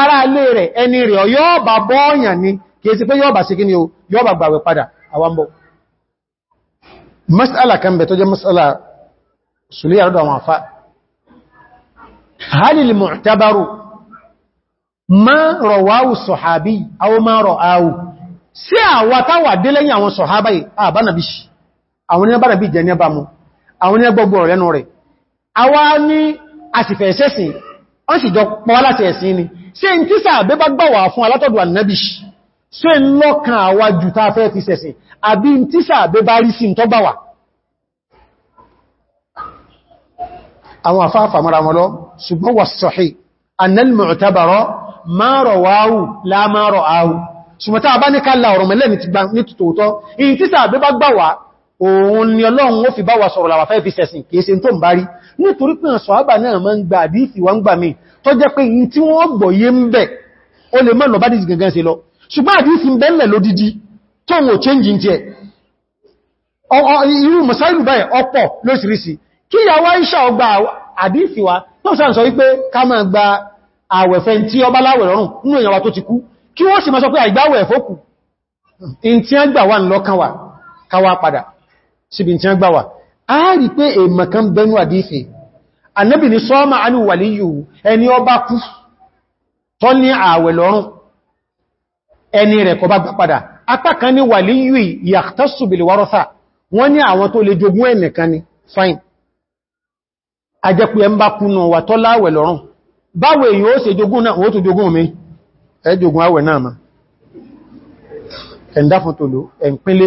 ara ilé rẹ̀ ẹni rẹ̀ yọ́ọ̀bà bọ́ọ̀yàn ni kìí sí pé yọ́ọ̀bà sí kíni o yọ́ọ̀bà gbàwẹ̀ padà àwambọ̀. masala kan bẹ̀ tó jẹ́ masala sùlẹ̀ àrọ́dọ̀ àwọn àfá halil mu'tabaru ma rọwáwù àwọn ma rọ̀áwù sí àwà rẹ̀ lẹ́nu rẹ̀ àwa ní àsìfẹ̀ẹ́sẹ́sìn wọ́n sì jọ pọ́ láti ẹ̀sìn ni ṣe n tí sàbẹ́ bá gbọ́wà fún alátọ́dù annabi ṣe n lọ́kàn àwà jù ta fẹ́ ti sẹ̀sìn àbí n tí sàbẹ́ bá rí sí n tọ́ gbàwà àwọn àfáàfà mara wọn lọ ṣùgbọ́n wà sọ̀hí annal mu'tabara ma rawahu òun ni ọlọ́run ó fi bá wa sọ̀rọ̀ làwàfẹ́ fi sẹ̀sìn kìí ṣe tó ń bá rí nítorí pé ọ̀sọ̀ àbà náà ma ń gba àdífì wọ́n gbà mí tó jẹ́ pé yìí tí wọ́n gbọ̀yé ń bẹ̀ ó lè mọ́nà bá dìsì gangan ṣe lọ ṣùgbọ́n àdífì bẹ́ẹ̀lẹ̀ lódidi tó wọ́n change in tiẹ̀ irú masailu báyẹ̀ ọ̀pọ̀ lóṣìíríṣìí kí ya wá iṣà ọgbà àdífì wa tó wa tó ti kú kí wọ́n sì máa a gbà wà ń lọ́kàn wà káwà padà síbi tí wọ́n gbà wà a rí pé èèmọ̀ kan bẹnu àdífẹ́ annabi ni sọ́ọ́mà anú wàlíyù ẹni ọba kú tọ́ ní ààwẹ̀ lọ́rùn ẹni rẹ̀ kọba padà apá kan ní wàlíyù yàtọ́sù bil wọ́n ní àwọn tó lè jogún ẹ̀mẹ̀ kan ni fine ajẹ́pù ẹ ń bá kúnnà wà tọ́ láàwẹ̀ lọ́rùn báwẹ̀ yóò ṣe jogún náà wó tó jogún ma ẹ̀ndáfún tòlò ẹ̀ǹpínlé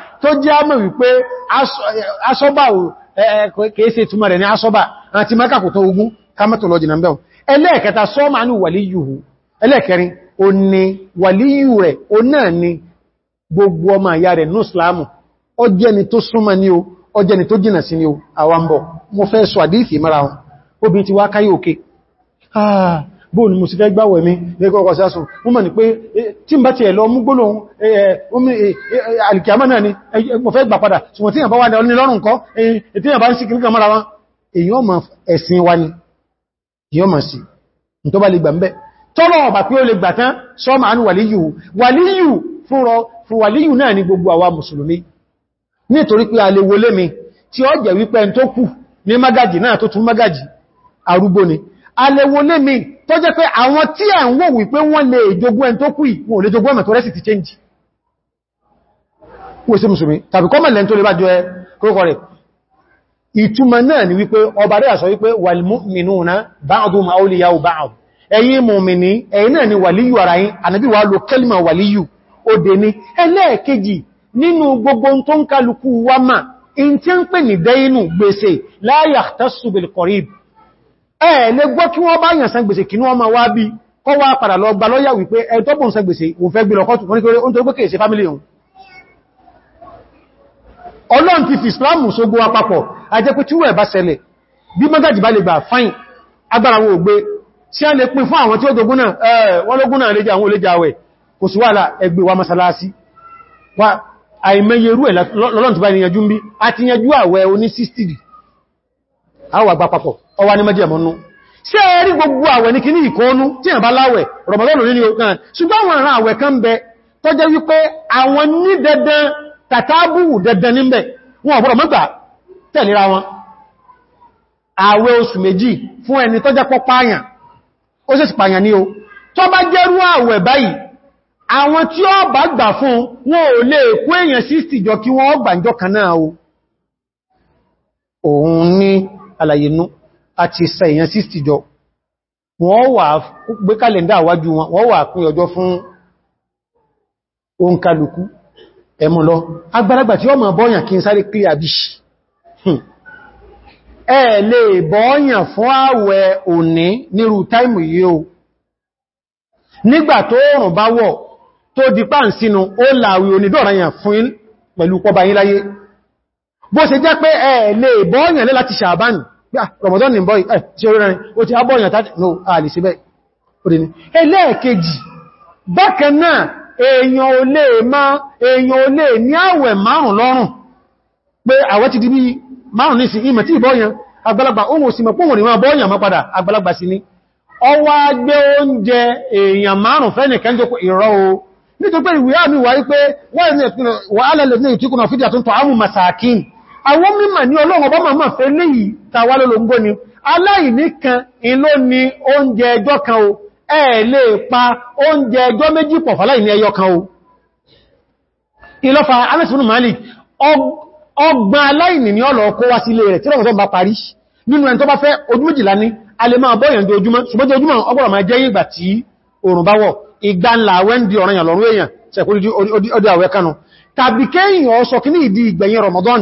tó jẹ́ àmọ̀ wípé asọ́bà kèése túnmọ̀ rẹ̀ ní asọ́bà àti mẹ́kàkù tó ogun kamatology na mbẹ̀wọ̀n ẹlẹ́ẹ̀kẹta sọ́mà wàlíyùhù ẹlẹ́ẹ̀kẹrin o ní wàlíyù rẹ̀ o náà ni gbogbo ọmọ ya rẹ̀ ní islamu ni tó súnmọ́ ni o ni o mo mara ti wá káyé oke. bóòlù mo sì fẹ́ gbáwẹ̀ mi lẹ́kọ́ ọkọ̀ sásùn wọ́n mọ̀ ní pé tí n bá ti ẹ̀lọ mú gbólóhun alìkìyàmọ́ náà ni mo fẹ́ gbà padà ṣùgbọ́n tí yàn bá wà ní lọ́rùn kọ́ tí yàn bá ń sí kìrí kan mọ́ra wọn ni èyàn mọ̀ sí tó bá lè gbà ni gbogbo àwa mùsùlùmí nítorí arúgbó ni alẹ́wọlé mi tó jẹ́ pé àwọn tí à ń wò wípé wọ́n lè jogún ẹn tó kú ìwò lè jogún ẹmẹ̀ tó rẹ̀ sì ti change wò sí musulmi tàbí kọ́mẹ̀lẹ̀ tó lè bá jọ ẹ kókọ rẹ̀ ìtumọ̀ náà ni wípé ọba rẹ̀ sọ wípé wàlmùmínúna ba'duhum awliya'u ba'd ẹ̀yin mùmìnì ni wàlíyù ara yín ànábì wà ló kẹ́lìmọ̀ la yahtassu bil ẹ̀ẹ̀lẹ́ gbọ́ kí wọ́n bá yàn san gbèsè kí wọ́n ma wá bí kọ́ wá padà lọ gba lọ́yà wípé ẹ̀tọ́bùn san gbèsè òun fẹ́ gbìlọ̀ kọ́tù fọ́nìkẹ́rẹ́ oúnjẹ pé kèèsè fámílì òun ọlọ́n ti fi Islam sógó apapọ̀ ajẹ́pẹ́ tí wọ́n bá ṣẹlẹ̀ bí mọ́gàjì bá lè gbà fáìn agbára wa masalasi wa àìmẹ́yẹrú ẹ̀ lọ́lọ́n ti bá ìyànjú ń bí àwà àgbà papọ̀ ọwà ní mẹ́jẹ̀ mọ́nú ṣe rí gbogbo àwẹ̀ ní kìíní ìkóónú tí àbá láwẹ̀ rọ̀mọ̀lọ́nù nínú ọkàn ṣùgbọ́n àwọn àrán àwẹ̀ kan bẹ tó jẹ́ wípé àwọn ní dandan tàtàbù dandan níbẹ̀ wọn ọ̀bọ̀rọ̀ mọ́gbà tẹ̀lera wọn àwẹ̀ oṣù méjì fún ẹni tó jẹ́ pọ́páyàn ó sì pàyàn ní tí ó bá gbà fún wọn ò lè kó èèyàn sí ìjọ kí wọ́n gbàǹjọ kan náà o òun ni àlàyé nú àti ìsẹ̀ èèyàn 60 jọ wọ́n wà gbé kàlẹ̀ndà àwájú wọn wọ́n wà pín ọjọ́ fún oǹkàlùkú ẹmù lọ agbálagbà tí ó mọ̀ bọ́yàn kí n sáré kí àbíṣì ẹ lè bọ́yàn fún àwẹ̀ òní nírú táìmù yìí o nígbà tó rùn bá wọ̀ tó dipá ń sínú ó làwẹ̀ onídọ̀ranyàn fún pẹ̀lú pọ́báyín láyé bó ṣe jẹ́ pé ẹ lè bọ́ọ̀yàn lé láti ṣàbánì ah, Ramadan ní bọ́ì ẹ̀ tí ó rẹ̀rin ó ti abọ́ọ̀yàn tàbí no ààlì sí ẹlẹ́ẹ̀kejì èèyàn lè ní àwẹ̀ márùn lọ́rùn pé ti di bí márùn nítorí pé ìwé àmì pé wọ́n ní ìtíkùnà fídíà tó ń tọ́ àmù masakin àwọn mímọ̀ ní ọlọ́run ọba máa fẹ́ léyìí tàwà lọ́lọ́gbọ́ ni aláìní kan ìlò ni oúnjẹ ẹjọ́ kan o ẹ lè pa oúnjẹ ẹjọ́ méjì pọ̀ fàláìní ẹyọ kan o ìlọ́fà amẹ́sìnú Malik ọgbọ̀n aláìní ni ọlọ́ kó wá sílé rẹ̀ tí rọ̀mọ̀tọ́ bá parí nínú ẹni tó bá fẹ́ ojú méjìlá ní a lè máa bọ́yàn di ojúmọ́ ṣùgbọ́n di ojúmọ́ ọgbọ̀rọ̀ máa jẹ́ ìgbà tí oòrùn bá wọ̀ ìgbà ńlá wẹ́ndì ọ̀ranyàn tàbí kéyìn ọ̀sọ̀ ní ìdí ìgbẹ̀yìn Ramadan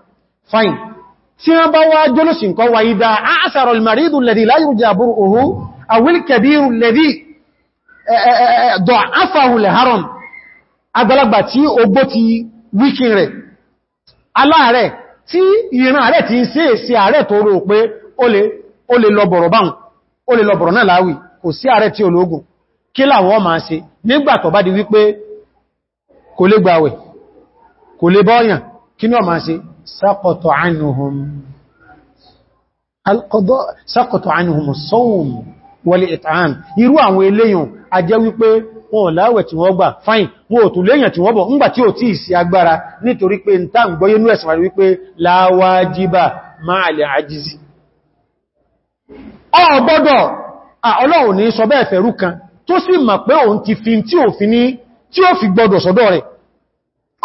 fine tí wọ́n bá wá jọ́lọ́sì nǹkan wà ìdá àásàrọ̀ ìmàrídù lẹ́dí láyúrùjẹ́ àbúrú òhú àwílkẹ̀bírù lẹ́dí dọ̀ afáhùlẹ̀ haram àgbàlagbà tí ogbó ti wíkin rẹ̀ aláàrẹ̀ tí ìran ààrẹ ti ń sí èsì ààrẹ tó rò pé ó lè lọ bọ̀rọ̀ báhùn ó lè lọ bọ̀rọ̀ náà sí ààrẹ tó سقط عنهم القضاء سقط عنهم الصوم والإطعام irú àwọn eléyàn a wípé wọn láwẹ̀ tí wọ́n gbà fine wọn ò tún tí wọ́n bọ̀ ńgbà tí ò tí agbara agbára nítorí pé ń tàn gbọ́yé ní ẹ̀sìn wípé láwájíbà máa lè àjízi ọ̀gbọ́dọ̀ ọlọ́run ní sọ bẹ́ẹ̀ fẹ̀rú kan tó sì ti fi fi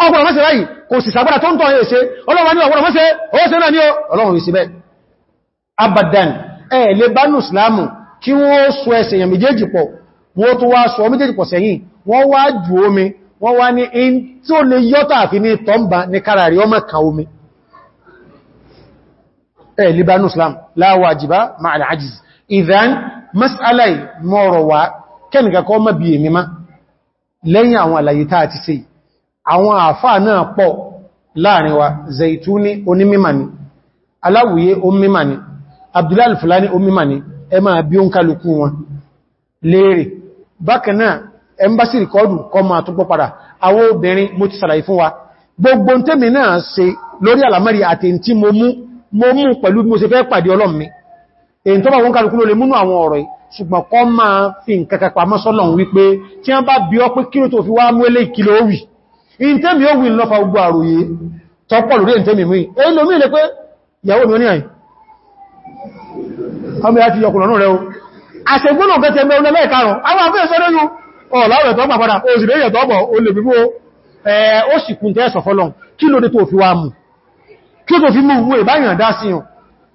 ọgbọ̀n mọ́sẹ̀ ráyìí kò sì sàgbọ́dà tó ń tọ́ ẹ̀ṣẹ́ ọlọ́wà ní ọgbọ̀n mọ́sẹ̀ ọwọ́sẹ̀ náà ní ọlọ́run ìsìnbẹ̀ abadan ẹ̀ lè bá nù islamu kí wọ́n sọ ẹsẹ̀ yẹn méjèèjì pọ̀ wọ́n tó wá sọ méjèèjì pọ̀ sẹ́yìn wọ́n wá jù omi wọ́n wá ní in tí ó lè yọ́ta àfi ní tọ́mbà ní káràrí ọmọ kan omi ẹ̀ lè bá nù lẹ́yìn àwọn àlàyé táà ti sẹ́yìn àwọn àfà náà pọ̀ láàrin wa zaituni onímímani aláwùyé onímímani abdullahi fulani onímímani ẹ máa bí oún kálukú wọn léèrè bákanáà ẹmbásí rikọdù kọ máa tó pọ́pàdà àwọn obìnrin mo ti sàlàyé fún wa gbogbo tẹ́mi náà se lórí àlàmárì àtẹ̀ntí mo mú mo mú pẹ̀lú bí mo ṣe fẹ́ pàdé ọlọ́mí èyí tó bá wọn kálukú ló lè múnú àwọn ọ̀rọ̀ ṣùgbọ́n kọ́ máa fi nǹkan kàpàmọ́sọ́lọ̀ wípé tí wọ́n bá bí ọ pé kí ló tó fi wá mú eléìkí lóòrì ìntẹ́mì ó wí lọ́fà gbogbo àròyé tọ́pọ̀ lórí ìntẹ́mì mú èyí lómí ilẹ̀ pé ìyàwó mi ó ní àì ọmọ ìyá ti yọkùnrin ọ̀nà rẹ̀ o àṣẹgbónà kẹtẹ ẹgbẹ́ onílẹ̀ ìkarùn àwọn afẹ́ sọ́rẹ́nu ọ̀láwẹ̀ tọ́pà padà oṣù lẹ́yẹ̀ tọ́pọ̀ o lè bíbó ó sì kún tẹ́ ẹ̀sọ̀ fọ́lọ̀ kí ló dé tó fi wá mú kí ó tó fi mú owó ìbáyàn dá sí yàn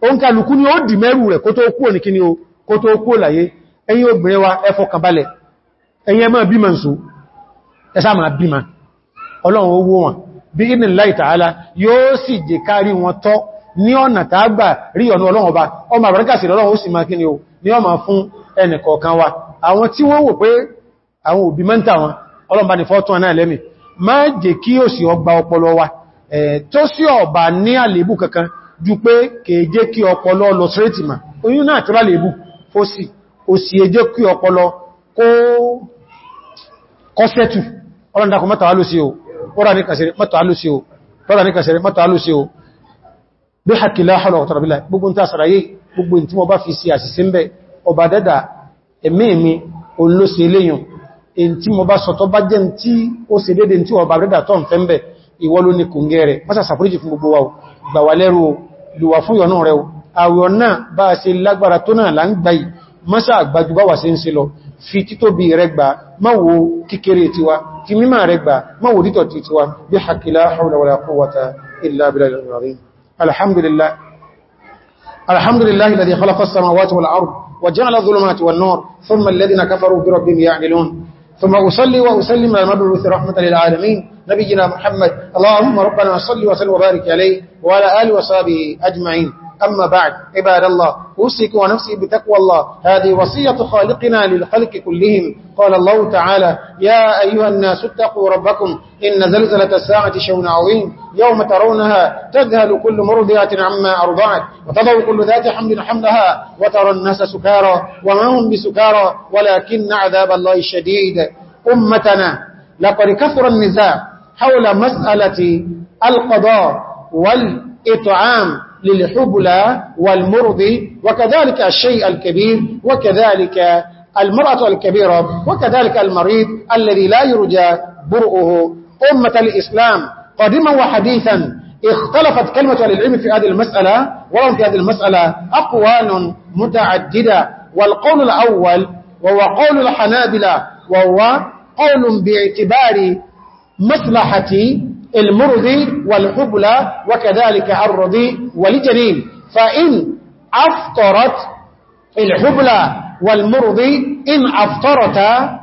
o ń kàlùkú ni ó dì mẹ́rù rẹ̀ kó tó kú ní kíni o kó tó kú láyé ẹ̀yin obìnrin wa ẹ fọkàn balẹ̀ ẹ̀yin ẹ máa bímọ ǹsọ́ ẹ sáà máa bímọ ọlọ́run owó wọn bí ibi láì tààlá yóò sì jẹ kárí wọn tọ́ ní ọ̀nà tààgbà rí ọ̀nà ọlọ́run ọba ọmọ àbárẹ́kàsì ọlọ́run ó sì máa kíni o ní ọmọ fún ẹnì kọ̀ọ̀kan wa àwọn tí wọ́n wò pé àwọn òbí mẹ́ta wọn ọlọ́run bá ní fọ́tún náà lẹ́mì má jẹ́ kí ó sì ọgbà ọpọlọ mẹ́ta wá ló sí o ọ̀rà ní kàṣẹ̀rẹ̀ mọ́tọ̀ alúsí o tọ́rà ní kàṣẹ̀rẹ̀ mọ́tọ̀ alúsí o bí hakila hàn ọ̀tọ̀rọ̀ bílá gbogbo ń tàṣàráyé gbogbo tí wọ́n bá fi sí àṣìṣẹ́ mẹ́ ọba dẹ́dà ẹ̀mí mi olóṣe eléyìn in tí mo bá sọ̀tọ́ bá jẹ́ tí ó ṣe dédé tí ọba dẹ́dà tọ́ ń fẹ́m̀bẹ̀ ìwọ ló ní kùngẹ́ wa gbà wà fi títóbi rẹgbà máwo kíkéré tiwa fi mímọ̀ rẹgbà máwo dítọ̀ ti tiwa bí hakila haula wala quwwata illa billahi al-azim alhamdulillah alhamdulillah alladhi khalaqa as-samawati wal ard wa ja'ala adh-dhulumati wan nur ثم أصلي وأسلم على المبعوث رحمة للعالمين نبينا محمد اللهم ربنا صل وسلم وبارك عليه وعلى آل وصحبه أجمعين أما بعد عباد الله أوسك ونفسي بتقوى الله هذه وصية خالقنا للخلق كلهم قال الله تعالى يا أيها الناس اتقوا ربكم إن زلزلة الساعة شون عظيم يوم ترونها تذهل كل مرضعة عما أرضعت وتضع كل ذات حمل حملها وترى الناس سكارى وما هم بسكارى ولكن عذاب الله الشديد أمتنا لقد كثر النزاع حول مسألة القضاء والإطعام للحبلى والمرضي وكذلك الشيء الكبير وكذلك المرأة الكبيرة وكذلك المريض الذي لا يرجى برؤه أمة الإسلام قديما وحديثا اختلفت كلمة للعلم في هذه المسألة ولهم في هذه المسألة أقوال متعددة والقول الأول وهو قول الحنابلة وهو قول باعتبار مصلحة المرضي والحبلى وكذلك الرضي والجنين فإن أفطرت الحبلى والمرضي إن أفطرتا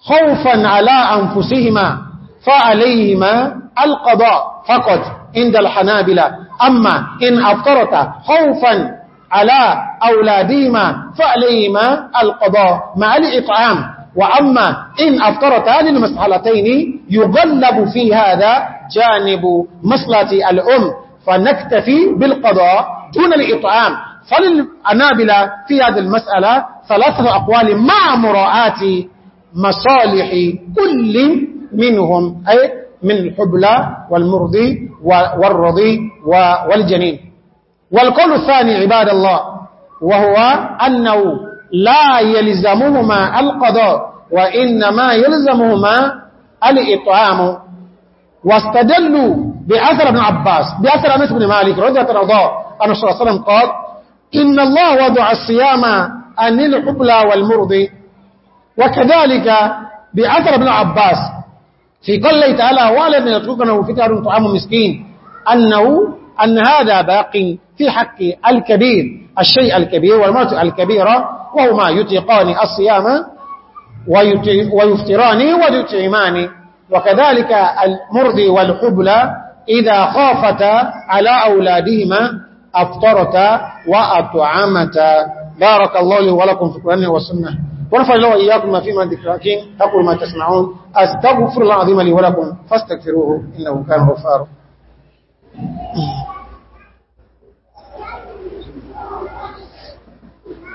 خوفا على أنفسهما فعليهما القضاء فقط عند الحنابلة أما إن أفطرتا خوفا على أولادهما فعليهما القضاء مع الإطعام وأما إن أفطرت هذه المسحلتين يغلب في هذا جانب مسلة الأم فنكتفي بالقضاء دون الإطعام فللأنابلة في هذه المسألة ثلاثة أقوال مع مراعاة مصالح كل منهم أي من الحبلى والمرضي والرضي والجنين والقول الثاني عباد الله وهو أنه لا يلزمهما القضاء وإنما يلزمهما الإطعام واستدلوا بأثر ابن عباس بأثر أنس بن مالك رضي الله عنه أن صلى الله عليه وسلم قال إن الله وضع الصيام أن الحبلى والمرضي وكذلك بأثر ابن عباس في قوله تعالى ولا من يتركنا فتار طعام مسكين أنه أن هذا باق في حق الكبير الشيء الكبير والموت الكبيرة فوقهما يتقان الصيام ويفتران ويطعمان وكذلك المرضي والحبلى إذا خافتا على أولادهما أفطرتا وأطعمتا بارك الله لي ولكم في القرآن والسنة ونفع الله إياكم فيما ذكركين تقول ما تسمعون أستغفر الله العظيم لي ولكم فاستغفروه إنه كان غفارا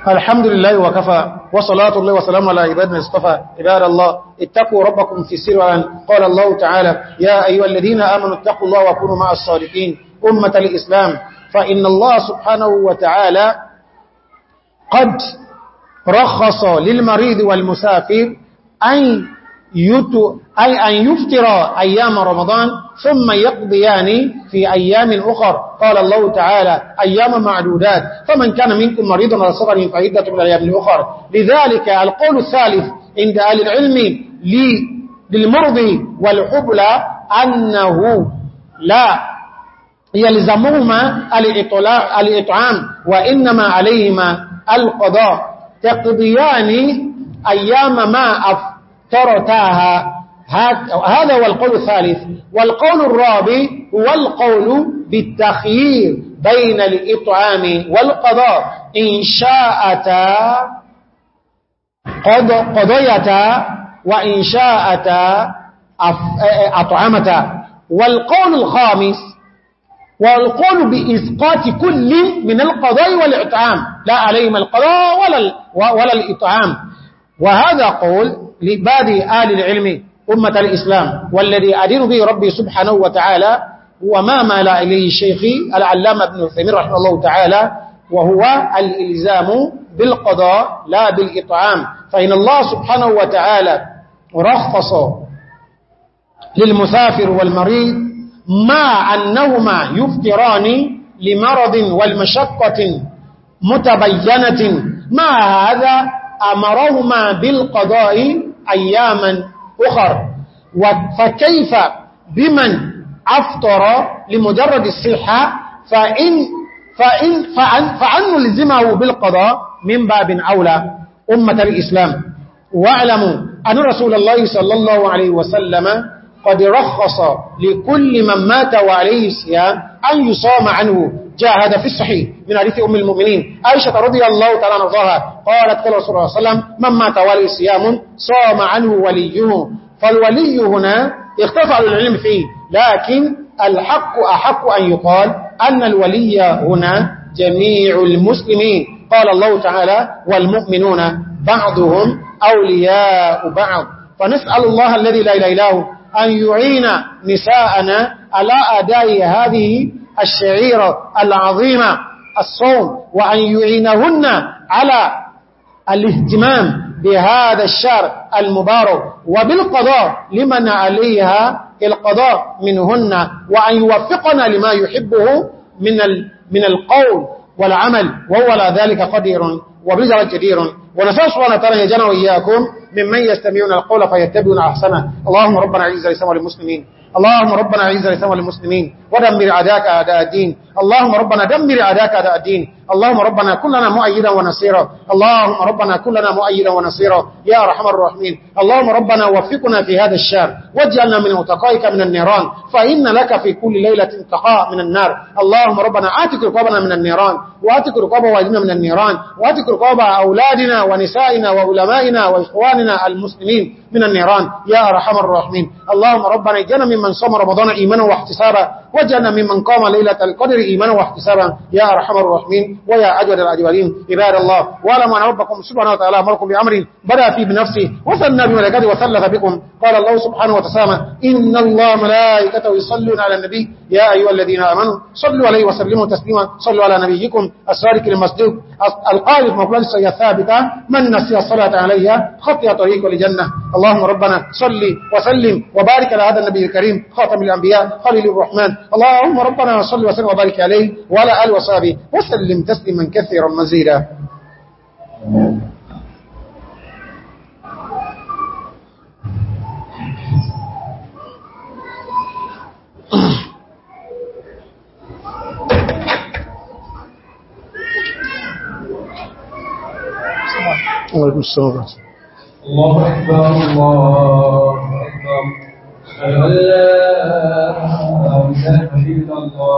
الحمد لله وكفى وصلاة الله وسلام على عباد اصطفى عباد الله اتقوا ربكم في السر قال الله تعالى يا أيها الذين آمنوا اتقوا الله وكونوا مع الصالحين أمة الإسلام فإن الله سبحانه وتعالى قد رخص للمريض والمسافر أن يتو أي أن يفترى أيام رمضان ثم يقضيان في أيام أخر قال الله تعالى أيام معدودات فمن كان منكم مريض على صغر فعدة من الأيام الأخر لذلك القول الثالث عند أهل العلم للمرض والحبل أنه لا يلزمهما الإطعام وإنما عليهما القضاء تقضيان أيام ما أفضل ترتاها هذا هو القول الثالث والقول الرابع هو القول بالتخيير بين الإطعام والقضاء إن شاءتا قد قضيتا وإن شاءتا أطعمتا والقول الخامس والقول بإسقاط كل من القضاء والإطعام لا عليهم القضاء ولا, ولا الإطعام وهذا قول لبعض آل العلم أمة الإسلام والذي أدين به ربي سبحانه وتعالى وما مال إليه شيخي العلام ابن الثمير رحمه الله تعالى وهو الإلزام بالقضاء لا بالإطعام فإن الله سبحانه وتعالى رخص للمسافر والمريض ما أنهما يفتران لمرض والمشقة متبينة ما هذا أمرهما بالقضاء أياما أخر فكيف بمن أفطر لمجرد الصحة فإن, فإن, فأن, فأن نلزمه بالقضاء من باب أولى أمة الإسلام واعلموا أن رسول الله صلى الله عليه وسلم قد رخص لكل من مات وعليه السيام أن يصام عنه جاء هذا في الصحيح من حديث أم المؤمنين عائشة رضي الله تعالى نظرها قالت قال رسول الله صلى الله عليه وسلم من مات ولي صيام صام عنه وليه فالولي هنا اختفى العلم فيه لكن الحق أحق أن يقال أن الولي هنا جميع المسلمين قال الله تعالى والمؤمنون بعضهم أولياء بعض فنسأل الله الذي لا إله إلا هو أن يعين نساءنا على أداء هذه الشعيرة العظيمة الصوم وأن يعينهن على الاهتمام بهذا الشهر المبارك وبالقضاء لمن عليها القضاء منهن وأن يوفقنا لما يحبه من من القول والعمل وهو لا ذلك قدير وبذل جدير ونسأل سبحانه وتعالى يجنوا إياكم ممن يستمعون القول فيتبعون أحسنه اللهم ربنا عز لسمع المسلمين اللهم ربنا عز لسوى المسلمين ودمر عداك أداء الدين اللهم ربنا دمر عداك أداء الدين اللهم ربنا كلنا مؤيدا ونصيرا اللهم ربنا كلنا مؤيدا ونصيرا يا رحم الرحمن اللهم ربنا وفقنا في هذا الشهر واجعلنا من متقائك من النيران فإن لك في كل ليلة انتقاء من النار اللهم ربنا آتك رقابنا من النيران وآتك رقاب والدنا من النيران وآتك رقاب أولادنا ونسائنا وعلمائنا وإخواننا المسلمين من النيران يا رحم الرحمن اللهم ربنا اجعلنا ممن صام رمضان إيمانا واحتسابا وجعلنا ممن قام ليلة القدر إيمانا واحتسابا يا أرحم الراحمين ويا أجود الأجودين عباد الله وعلم أن ربكم سبحانه وتعالى أمركم بأمر بدأ فيه بنفسه وثنى بملكاته وثلث بكم قال الله سبحانه وتعالى إن الله ملائكته يصلون على النبي يا أيها الذين آمنوا صلوا عليه وسلموا تسليما صلوا على نبيكم أسرارك المسجد القائل في مقبل من نسي الصلاة عليها خطي طريق لجنة اللهم ربنا صلي وسلم وبارك على هذا النبي الكريم خاتم الأنبياء خليل الرحمن اللهم ربنا صل وسلم وبارك عليه وعلى آل وصحبه وسلم تسليما كثيرا مزيدا الله أكبر الله أكبر أشهد أن الله